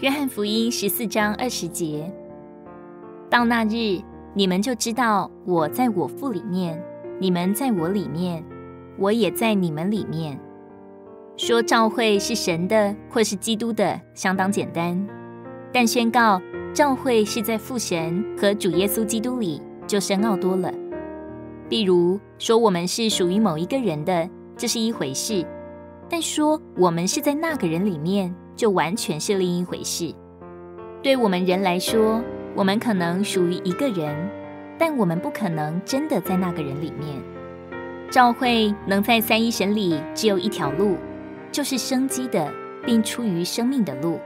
約翰福音十四章二十節：到那日，你們就知道我在我父裡面，你們在我裡面，我也在你們裡面。說教會是神的或是基督的，相當簡單；但宣告教會是在父神和主耶穌基督裡，就深奧多了。比如說，我們是屬於某一個人的，這是一回事。但說我們是在那個人裡面，就完全是另一回事。對我們人來說，我們可能屬於一個人，但我們不可能真的在那個人裡面。召會能在三一神裡，只有一條路，就是生機的，並出於生命的路。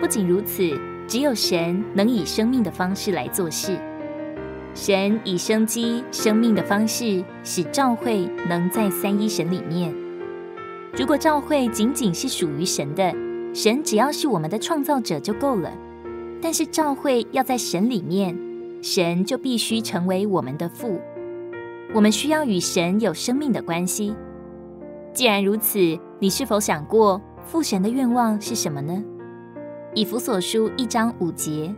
不僅如此，只有神能以生命的方式來做事。神以生機、生命的方式，使召會能在三一神裡面。如果教會僅僅是屬於神的，神只要是我們的創造者就夠了。但是教會要在神裡面，神就必須成為我們的父。我們需要與神有生命的關係。既然如此，你是否想過父神的願望是什麼呢？以弗所書一章五節，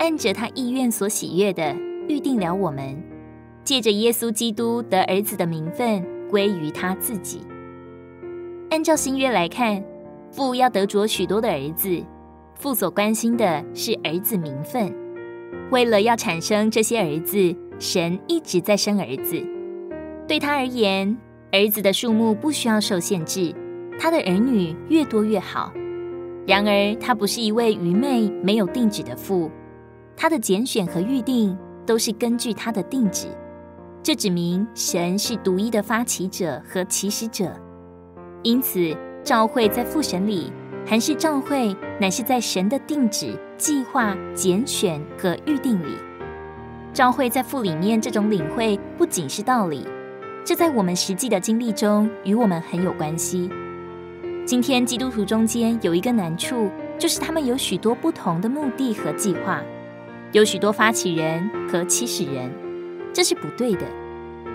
按着他意願所喜悅的，預定了我們，借着耶穌基督得兒子的名分，歸於他自己。按照新約來看，父要得着許多的兒子，父所關心的是兒子名分。為了要產生這些兒子，神一直在生兒子。對他而言，兒子的數目不需要受限制，他的兒女越多越好。然而，他不是一位愚昧沒有定旨的父，他的揀選和預定都是根據他的定旨。這指明神是獨一的發起者和起始者。因此，召會在父神裡，還是召會乃是在神的定旨、計劃、揀選和預定裡。召會在父裡面這種領會不僅是道理，這在我們實際的經歷中與我們很有關係。今天基督徒中間有一個難處，就是他們有許多不同的目的和計劃，有許多發起人和起始人，這是不對的。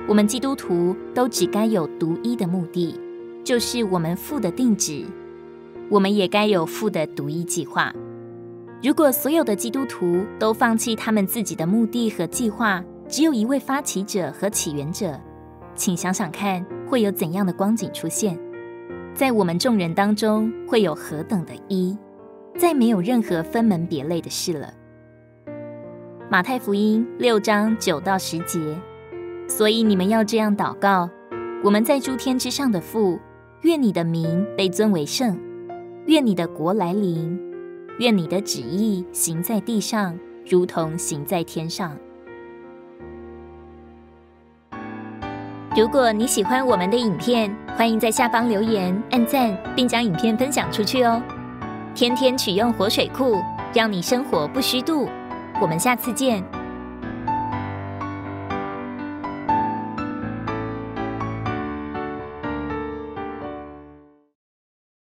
我們基督徒都只該有獨一的目的。就是我們父的定旨，我們也該有父的獨一計劃。如果所有的基督徒都放棄他們自己的目的和計劃，只有一位發起者和起源者，請想想看，會有怎樣的光景出現？在我們眾人當中，會有何等的一？再沒有任何分門別類的事了。馬太福音六章九到十節，所以你們要這樣禱告：我們在諸天之上的父。願你的名被尊為聖，願你的國來臨，願你的旨意行在地上，如同行在天上。如果你喜歡我們的影片，歡迎在下方留言、按讚，並將影片分享出去哦。天天取用活水庫，讓你生活不虛度。我們下次見。